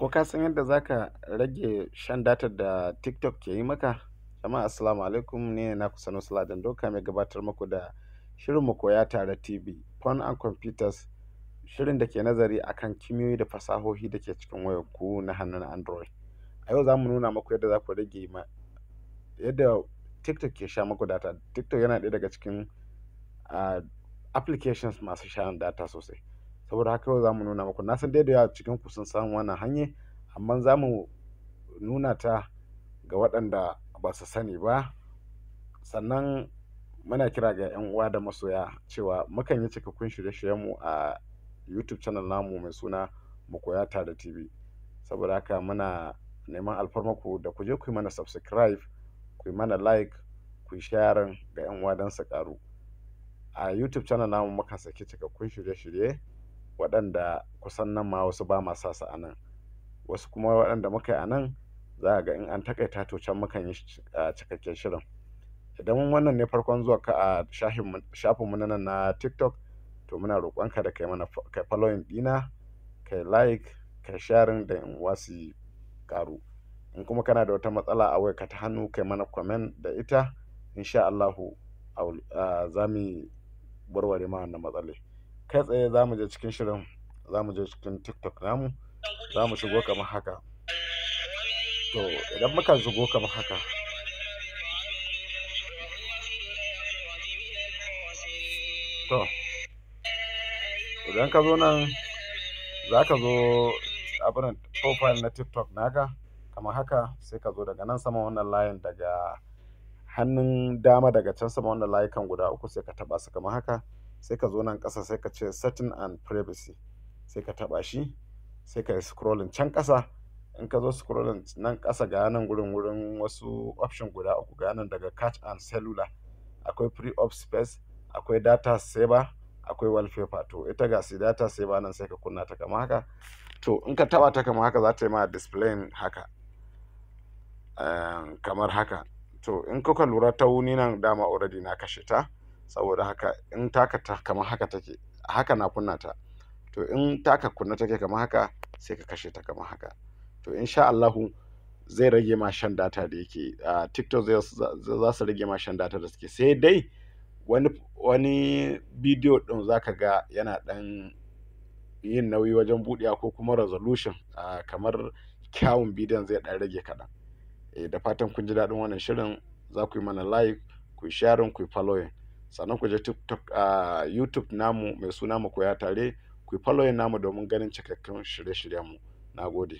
Ko ka san yadda za ka rage shan data da TikTok ke yi maka? Jama'a assalamu alaikum ne ne naku Sanusi Ladan Doka mai gabatar maku da shirin mu koya tare TV pon and Computers shirin da ke nazari akan kimiyoyi da fasahohi da ke cikin wayar ku na hannun Android. A yau za mu nuna maku yadda za ku rage ma yadda TikTok ke sha muku data. TikTok yana ɗaya daga cikin ah, applications masu shan data sosai. saboda haka yau za mu nuna muku na san dai da yawa cikin ku sun san wannan hanyar amma za mu nuna ta ga waɗanda ba su sani ba sannan muna kira ga 'yan uwa da masoya cewa mukan yi cikakkun shirye mu a youtube channel namu mai suna mu koya tare tv saboda haka muna neman alfarmaku da ku je ku yi mana subscribe ku yi mana like ku yi sharing ga 'yan uwa don su karu a youtube channel namu muka saki cikakkun shirye-shirye waɗanda kusan nan ma wasu ba ma sa su a nan wasu kuma waɗanda muka yi a nan za ga in an takaita to can mukan yi cikakken shirin idan wannan ne farkon zuwa ka a shafinmu na nan na tiktok to muna roƙonka da kai mana kai following ɗina kai like kai sharing da in wasu ƙaru in kuma kana da wata matsala a ka ta hannu kai mana comment da ita insha Allahu za mu warware ma wannan matsalai kai tsaye za mu je cikin shirin za mu je cikin tiktok namu za mu shigo kamar haka to idan muka shigo kamar haka to idan ka zo nan za ka zo abinan profile na tiktok naka kamar haka sai ka zo daga nan sama wannan layin daga hannun dama daga can sama wannan layukan guda uku sai ka taba su kamar haka sai ka zo nan ƙasa sai ka ce setting and privacy sai ka taɓa shi sai ka yi scrolling can ƙasa in ka zo scrolling nan ƙasa ga nan gurin wurin wasu option guda uku ga nan daga catch and cellular akwai free of space akwai data saver akwai wallpaper to ita ga si data saver nan sai ka kunna ta kama haka to in ka taɓa ta kama haka za ta yi ma display haka ehm, kamar haka to in kuka lura ta wuni nan dama already na kashe ta saboda haka in taka ta kamar haka take haka na kunna ta to in taka kunna take kamar haka sai ka kashe ta kamar haka to insha Allahu zai rage ma shan data da yake a TikTok za su rage ma shan data da suke sai dai wani wani bidiyo din zaka ga yana dan yin nauyi wajen buɗewa ko kuma resolution kamar kyawun bidiyon zai dan rage kaɗan eh, da fatan kun ji daɗin wannan shirin za ku yi mana like ku yi sharing ku yi following sannan ku je tiktok a youtube namu mai suna mu koya tare ku yi namu domin ganin cikakken shirye-shiryenmu na gode